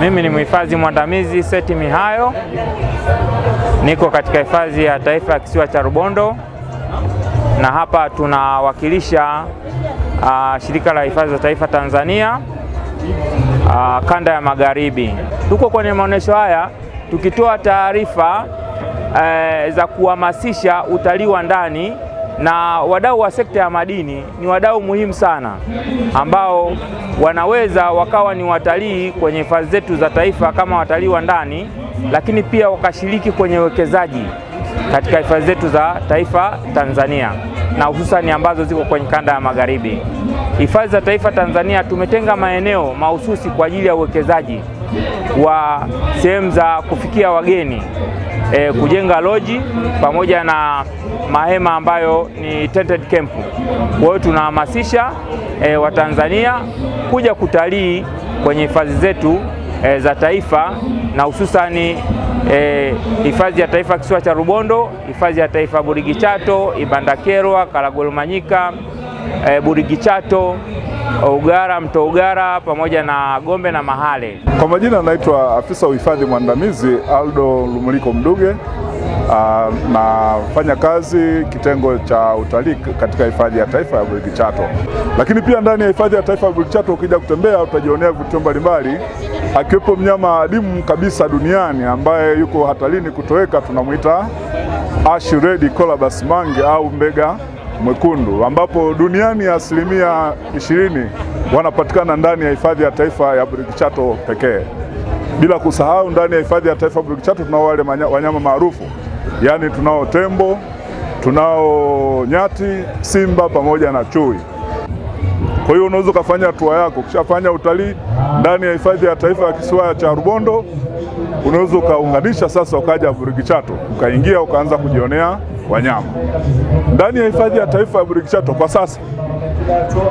Mimi ni mhifadhi mwandamizi Seth Mihayo, niko katika hifadhi ya taifa ya kisiwa cha Rubondo na hapa tunawakilisha uh, shirika la hifadhi za taifa Tanzania uh, kanda ya magharibi. Tuko kwenye maonyesho haya tukitoa taarifa uh, za kuhamasisha utalii wa ndani na wadau wa sekta ya madini ni wadau muhimu sana ambao wanaweza wakawa ni watalii kwenye hifadhi zetu za taifa kama watalii wa ndani, lakini pia wakashiriki kwenye uwekezaji katika hifadhi zetu za taifa Tanzania na hususani ambazo ziko kwenye kanda ya magharibi. Hifadhi za taifa Tanzania tumetenga maeneo mahususi kwa ajili ya uwekezaji wa sehemu za kufikia wageni e, kujenga loji pamoja na mahema ambayo ni tented camp. Kwa hiyo tunahamasisha e, Watanzania kuja kutalii kwenye hifadhi zetu e, za taifa na hususani hifadhi e, ya taifa kisiwa cha Rubondo, hifadhi ya taifa Burigi Chato, Ibandakerwa, Kalagolomanyika, e, Burigi Chato Ugara, Mto Ugara pamoja na Gombe na Mahale. Kwa majina anaitwa afisa uhifadhi mwandamizi Aldo Lumuliko Mduge. Uh, nafanya kazi kitengo cha utalii katika hifadhi ya taifa ya Burigi Chato, lakini pia ndani ya hifadhi ya taifa ya Burigi Chato ukija kutembea utajionea vivutio mbalimbali, akiwepo mnyama adimu kabisa duniani ambaye yuko hatarini kutoweka, tunamwita Ash Red Colobus Mange au mbega mwekundu, ambapo duniani asilimia ishirini wanapatikana ndani ya hifadhi ya taifa ya Burigi Chato pekee, bila kusahau ndani ya hifadhi ya taifa Burigi Chato tunao wale wanyama maarufu, yaani tunao tembo, tunao nyati, simba pamoja na chui. Kwa hiyo unaweza ukafanya tua yako, ukishafanya utalii ndani ya hifadhi ya taifa ya kisiwa cha Rubondo unaweza ukaunganisha sasa, ukaja Burigi Chato, ukaingia ukaanza kujionea wanyama ndani ya hifadhi ya taifa ya Burigi-Chato kwa sasa.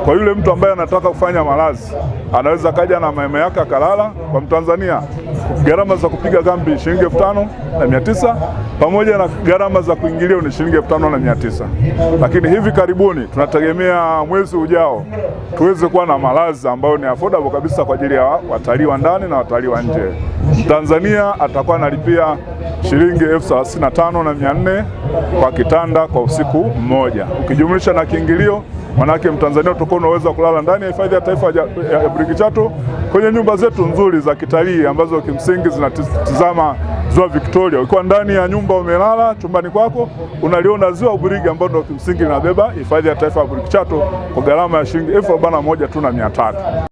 Kwa yule mtu ambaye anataka kufanya malazi, anaweza kaja na mahema yake akalala. Kwa Mtanzania, gharama za kupiga kambi shilingi elfu tano na mia tisa pamoja na gharama za kuingilia ni shilingi elfu tano na mia tisa Lakini hivi karibuni tunategemea mwezi ujao tuweze kuwa na malazi ambayo ni affordable kabisa kwa ajili ya watalii wa ndani na watalii wa nje. Mtanzania atakuwa analipia shilingi elfu thelathini na tano na mia nne kwa kitanda kwa usiku mmoja, ukijumlisha na kiingilio, manake Mtanzania utakuwa unaweza kulala ndani ya hifadhi ya taifa ya brigi Chato kwenye nyumba zetu nzuri za kitalii ambazo kimsingi zinatizama ziwa Victoria. Ukiwa ndani ya nyumba umelala chumbani kwako, unaliona ziwa Burigi ambalo ndio kimsingi linabeba hifadhi ya taifa ya Burigi Chato kwa gharama ya shilingi elfu arobaini na moja tu na mia tatu.